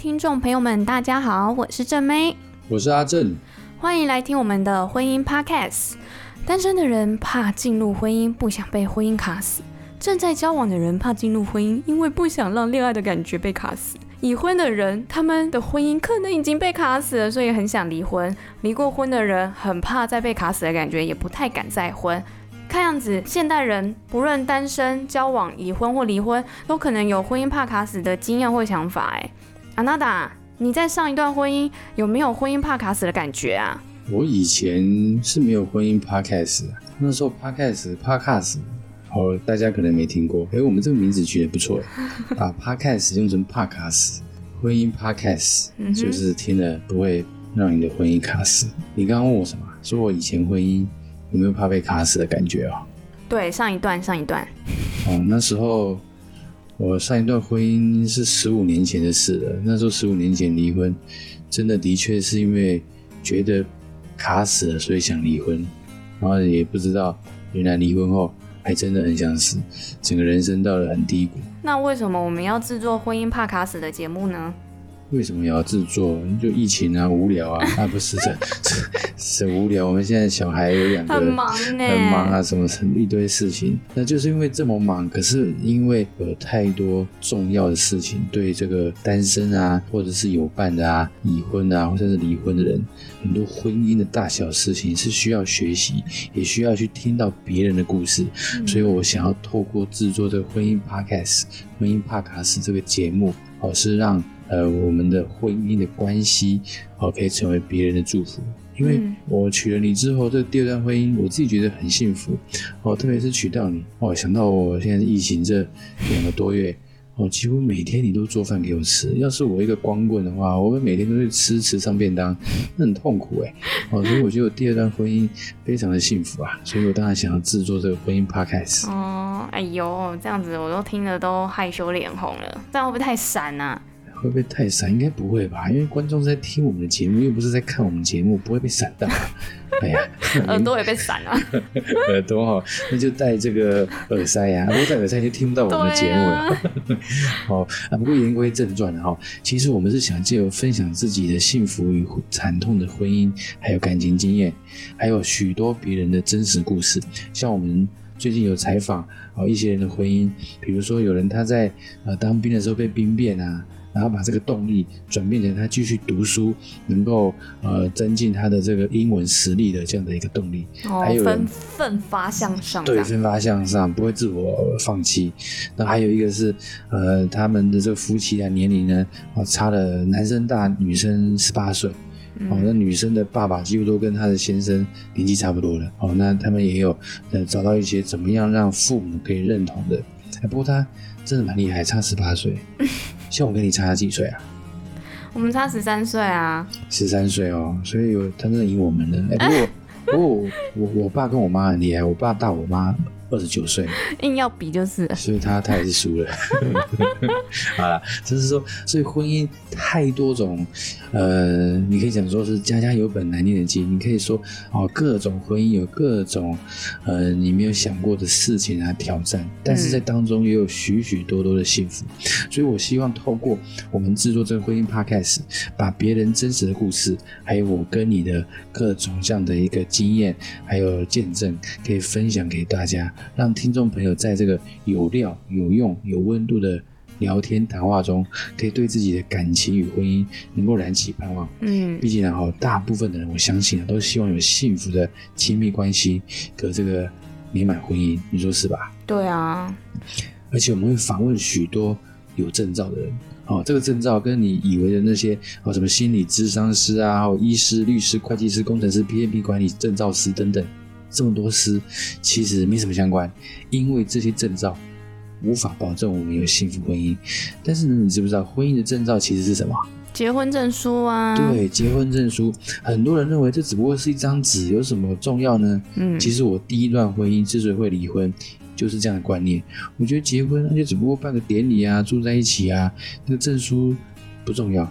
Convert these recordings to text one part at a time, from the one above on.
聽眾朋友們，大家好，我是正妹，我是阿正，歡迎來聽我們的婚姻 Podcast。單身的人怕進入婚姻，不想被婚姻卡死；正在交往的人怕進入婚姻，因為不想讓戀愛的感覺被卡死；已婚的人他們的婚姻可能已經被卡死了，所以很想離婚；離過婚的人很怕再被卡死的感覺，也不太敢再婚。看樣子，現代人不論單身、交往、已婚或離婚，都可能有婚姻怕卡死的經驗或想法耶。阿娜達，An anda, 你在上一段婚姻有沒有婚姻怕卡死的感覺啊？我以前是沒有婚姻怕卡死，那時候怕卡死怕卡死，哦，大家可能沒聽過。誒、欸，我們這個名字取得不錯，把怕卡死用成怕卡死，婚姻怕卡死，就是聽了不會讓你的婚姻卡死。你剛剛問我什麼？說我以前婚姻有沒有怕被卡死的感覺啊？對，上一段，上一段。哦、嗯，那時候。我上一段婚姻是十五年前的事了，那時候十五年前離婚，真的的確是因為覺得卡死了，所以想離婚，然後也不知道原來離婚後還真的很想死，整個人生到了很低谷。那為什麼我們要制作婚姻怕卡死的節目呢？為什麼要製作？就疫情啊，無聊啊， 啊不是，很很無聊。我們現在小孩有兩個很忙呢、啊，很忙啊，什麼一堆事情。那就是因為這麼忙，可是因為有太多重要的事情。對這個單身啊，或者是有伴的啊，已婚啊，或者是離婚的人，很多婚姻的大小事情是需要學習，也需要去聽到別人的故事。嗯、所以我想要透過製作這個婚姻 Pacast、婚姻 Pacast 這個節目，好是讓。呃，我們的婚姻的關係哦，可、呃、以成為別人的祝福。因為我娶了你之後，嗯、這第二段婚姻，我自己覺得很幸福。哦、呃，特別是娶到你，哦、呃，想到我現在是疫情這兩個多月，哦、呃，幾乎每天你都做飯給我吃。要是我一個光棍的話，我們每天都是吃吃上便當，那很痛苦哎、欸。哦、呃，所以我覺得我第二段婚姻非常的幸福啊，所以我當然想要製作這個婚姻 Pacast 哦，哎呦，這樣子我都聽了都害羞臉紅了，這樣會不會太閃啊？會不會太閃？應該不會吧，因為觀眾在聽我們的節目，又不是在看我們節目，不會被閃到。 哎呀，耳朵也被閃了，啊，耳朵哈，那就戴這個耳塞呀，啊。不戴耳塞就聽不到我們的節目了。啊 好啊，不過言歸正傳哈，啊，其實我們是想借由分享自己的幸福與慘痛的婚姻，還有感情經驗，還有許多別人的真實故事。像我們最近有採訪啊，哦、一些人的婚姻，比如說有人他在呃當兵的時候被兵變啊。然後把這個動力轉變成他繼續讀書，能夠呃增進他的這個英文實力的這樣的一個動力，哦、還有奮發向上，對，奮發向上，不會自我放棄。那還有一個是呃，他們的這個夫妻的年齡呢，哦、差了男生大女生十八歲。哦，那女生的爸爸幾乎都跟他的先生年紀差不多了。哦，那他們也有呃找到一些怎麼樣讓父母可以認同的。哎、不過他真的蠻厲害，差十八歲。 像我跟你差幾歲啊？我們差十三歲啊，十三歲哦，所以有他真的贏我們了。哎、欸，不過不過我、啊、我，我，我爸跟我媽很厲害，我爸大我媽，二十九歲，硬要比就是，所以他他也是輸了。 好了，就是說，所以婚姻太多種，呃，你可以講說是家家有本難念的經，你可以說哦，各種婚姻有各種，呃，你沒有想過的事情啊挑戰，但是在當中也有許許多多的幸福。嗯，所以我希望透過我們製作這個婚姻 Podcast，把別人真實的故事，還有我跟你的各種這樣的一個經驗還有見證，可以分享給大家。讓聽眾朋友在這個有料、有用、有溫度的聊天談話中，可以對自己的感情與婚姻能夠燃起盼望。嗯，畢竟然後大部分的人，我相信啊，都希望有幸福的親密關係和這個美滿婚姻，你說是吧？對啊。而且我們會訪問許多有證照的人，哦，這個證照跟你以為的那些，哦，什麼心理諮商師啊，哦，醫師、律師、會計師、工程師、PMP 管理證照師等等。這麼多詩其實沒什麼相關，因為這些證照無法保證我們有幸福婚姻。但是呢，你知不知道婚姻的證照其實是什麼？結婚證書啊。對，結婚證書。很多人認為這只不過是一張紙，有什麼重要呢？嗯。其實我第一段婚姻之所以會離婚，就是這樣的觀念。我覺得結婚那就只不過辦個典禮啊，住在一起啊，那個證書不重要。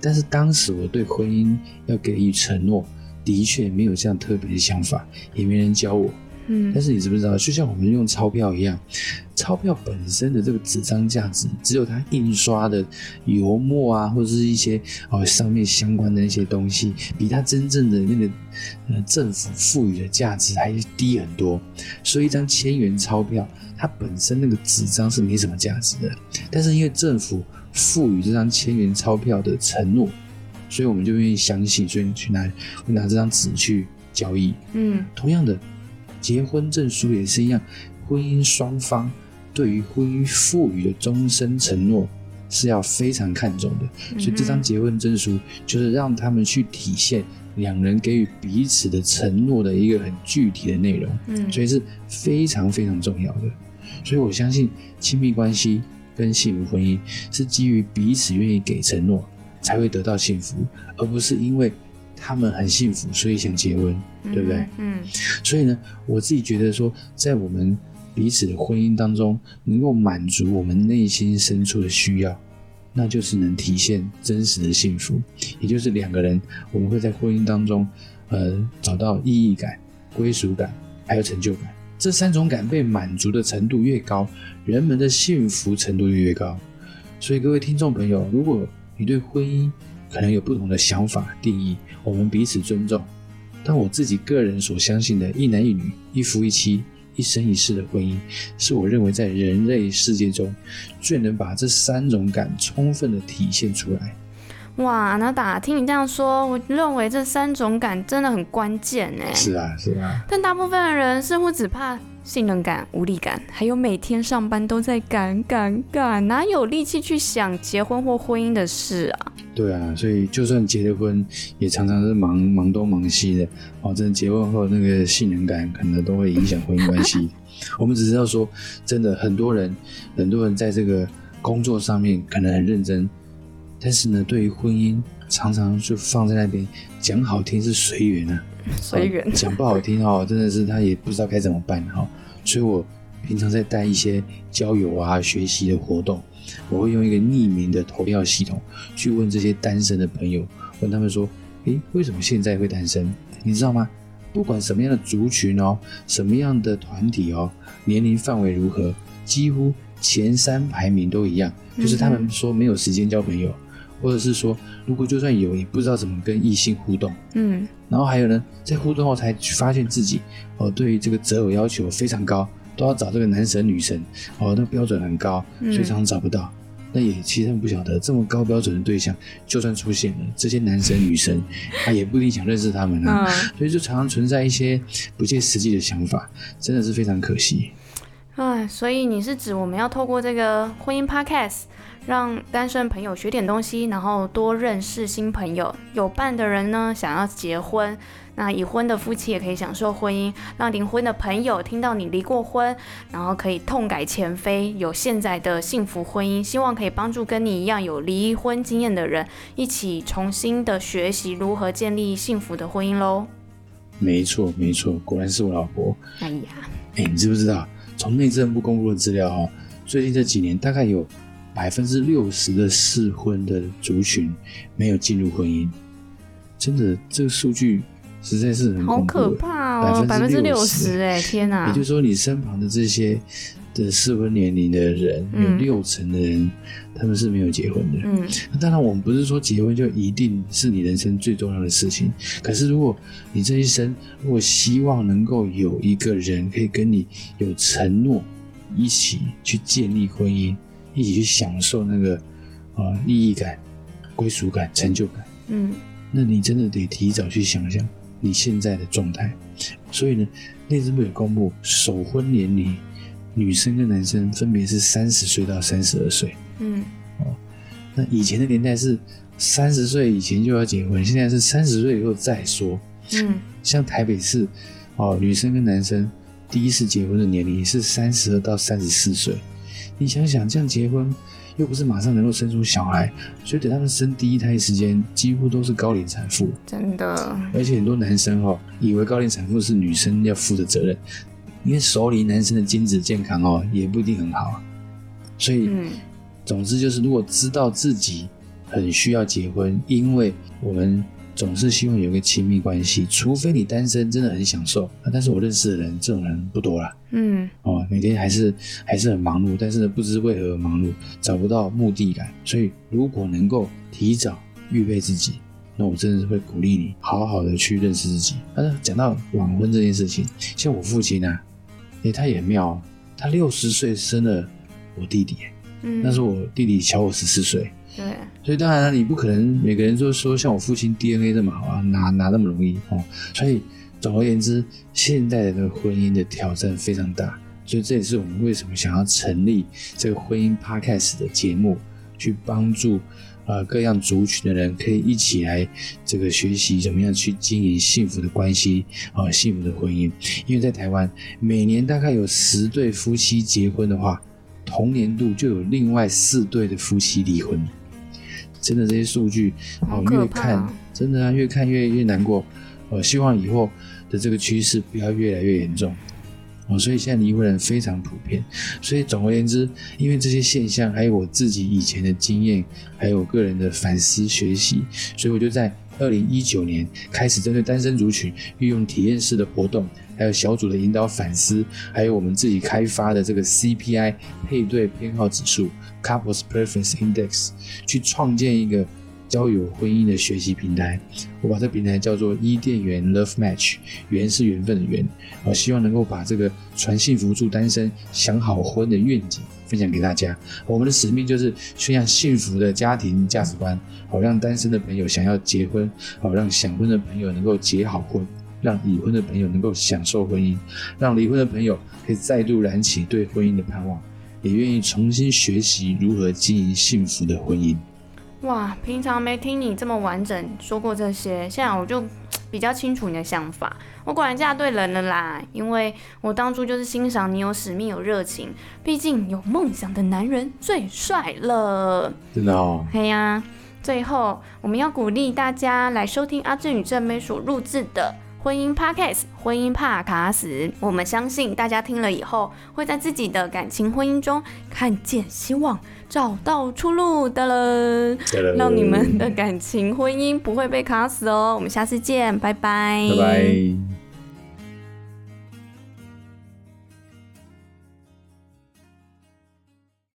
但是當時我對婚姻要給予承諾，的確沒有這樣特別的想法，也沒人教我。嗯，但是你知不知道，就像我們用鈔票一樣，鈔票本身的這個紙張價值，只有它印刷的油墨啊，或者是一些哦上面相關的一些東西，比它真正的那個呃，政府賦予的價值還低很多。所以一張千元鈔票，它本身那個紙張是沒什麼價值的，但是因為政府賦予這張千元鈔票的承諾。所以我們就願意相信，所以去拿會拿這張紙去交易。嗯，同樣的，結婚證書也是一樣，婚姻雙方對於婚姻賦予的終身承諾是要非常看重的。嗯哼，所以這張結婚證書就是讓他們去體現兩人給予彼此的承諾的一個很具體的內容。嗯，所以是非常非常重要的。所以我相信，親密關係跟幸福婚姻是基於彼此願意給承諾。才會得到幸福，而不是因為他們很幸福，所以想結婚，對不對？嗯。嗯，所以呢，我自己覺得說，在我們彼此的婚姻當中，能夠滿足我們內心深處的需要，那就是能體現真實的幸福。也就是兩個人，我們會在婚姻當中，呃，找到意義感、歸屬感，還有成就感。這三種感被滿足的程度越高，人們的幸福程度就越高。所以，各位聽眾朋友，如果你對婚姻可能有不同的想法定義，我們彼此尊重。但我自己個人所相信的一男一女、一夫一妻、一生一世的婚姻，是我認為在人類世界中最能把這三種感充分的體現出來。哇，那達，聽你這樣說，我認為這三種感真的很關鍵哎。是啊，是啊。但大部分的人似乎只怕。性能感、無力感，還有每天上班都在趕趕趕，哪有力氣去想結婚或婚姻的事啊？對啊，所以就算結了婚，也常常是忙忙東忙西的哦。真的，結婚後那個性能感可能都會影響婚姻關係。 我們只知道說，真的很多人，很多人在這個工作上面可能很認真，但是呢，對於婚姻，常常就放在那邊講好聽是隨緣啊。隨緣，講不好聽哦，真的是他也不知道該怎麼辦哈、哦。所以我平常在帶一些交友啊、學習的活動，我會用一個匿名的投票系統去問這些單身的朋友，問他們說：誒，為什麼現在會單身？你知道嗎？不管什麼樣的族群哦，什麼樣的團體哦，年齡範圍如何，幾乎前三排名都一樣，就是他們說沒有時間交朋友。嗯或者是說，如果就算有，也不知道怎麼跟異性互動。嗯，然後還有呢，在互動後才發現自己，哦、呃，對於這個擇偶要求非常高，都要找這個男神女神，哦、呃，那標準很高，所以常常找不到。那、嗯、也其實不曉得，這麼高標準的對象，就算出現了，這些男神女神，他、啊、也不一定想認識他們啊。 嗯、所以就常常存在一些不切實際的想法，真的是非常可惜。哎，所以你是指我們要透過這個婚姻 Pacast？讓單身朋友學點東西，然後多認識新朋友。有伴的人呢，想要結婚，那已婚的夫妻也可以享受婚姻。讓離婚的朋友聽到你離過婚，然後可以痛改前非，有現在的幸福婚姻。希望可以幫助跟你一樣有離婚經驗的人，一起重新的學習如何建立幸福的婚姻嘍。沒錯，沒錯，果然是我老婆。哎呀，哎、欸，你知不知道，從內政部公布的資料哈，最近這幾年大概有。百分之六十的適婚的族群沒有進入婚姻，真的這個數據實在是很恐怖，好可怕哦，百分之六十哎，天哪！也就是說，你身旁的這些的適婚年齡的人，有六成的人、嗯、他們是沒有結婚的人。嗯，那當然我們不是說結婚就一定是你人生最重要的事情。可是，如果你這一生如果希望能夠有一個人可以跟你有承諾，一起去建立婚姻。一起去享受那個，啊、呃，意義感、歸屬感、成就感。嗯，那你真的得提早去想想你現在的狀態。所以呢，內政部也公布，首婚年齡，女生跟男生分別是三十歲到三十二歲。嗯、哦，那以前的年代是三十歲以前就要結婚，現在是三十歲以後再說。嗯，像台北市，哦、呃，女生跟男生第一次結婚的年齡是三十二到三十四歲。你想想，這樣結婚，又不是馬上能夠生出小孩，所以等他們生第一胎時間，幾乎都是高齡產婦。真的，而且很多男生哦，以為高齡產婦是女生要負的責任，因為手裡男生的精子健康哦，也不一定很好。所以，嗯、總之就是，如果知道自己很需要結婚，因為我們。總是希望有一個親密關係，除非你單身真的很享受啊。但是我認識的人，這種人不多了。嗯，哦，每天還是還是很忙碌，但是呢，不知為何很忙碌，找不到目的感。所以，如果能夠提早預備自己，那我真的是會鼓勵你，好好的去認識自己。但、啊、是講到晚婚這件事情，像我父親啊，哎，他也很妙、哦，他六十歲生了我弟弟，嗯、那時候我弟弟小我十四歲。對，所以當然你不可能每個人都說像我父親 DNA 這麼好啊，哪哪那麼容易哦。所以，總而言之，現代的這個婚姻的挑戰非常大，所以這也是我們為什麼想要成立這個婚姻 Podcast 的節目，去幫助呃各樣族群的人可以一起來這個學習怎麼樣去經營幸福的關係啊、呃，幸福的婚姻。因為在台灣，每年大概有十對夫妻結婚的話，同年度就有另外四對的夫妻離婚。真的這些數據，我、啊哦、越看真的啊，越看越越難過。我、呃、希望以後的這個趨勢不要越來越嚴重。哦、所以現在離婚人非常普遍。所以，總而言之，因為這些現象，還有我自己以前的經驗，還有我個人的反思學習，所以我就在。二零一九年開始，針對單身族群運用體驗式的活動，還有小組的引導反思，還有我們自己開發的這個 CPI 配對偏好指數 （Couples Preference Index） 去創建一個。交友婚姻的學習平台，我把這平台叫做伊甸緣 Love Match，緣是緣分的緣。我希望能夠把這個傳幸福、助單身、想好婚的願景分享給大家。我們的使命就是宣揚幸福的家庭價值觀，好讓單身的朋友想要結婚，好讓想婚的朋友能夠結好婚，讓已婚的朋友能夠享受婚姻，讓離婚的朋友可以再度燃起對婚姻的盼望，也願意重新學習如何經營幸福的婚姻。哇，平常沒聽你這麼完整說過這些，現在我就比較清楚你的想法。我果然嫁對人了啦，因為我當初就是欣賞你有使命、有熱情，畢竟有夢想的男人最帥了。真的哦，嘿呀、啊。最後，我們要鼓勵大家來收聽阿正與正妹所錄製的。婚姻 Pacast，婚姻怕卡死。我們相信大家聽了以後，會在自己的感情婚姻中看見希望，找到出路的了。噠噠噠噠讓你們的感情婚姻不會被卡死哦。我們下次見，拜拜。拜拜。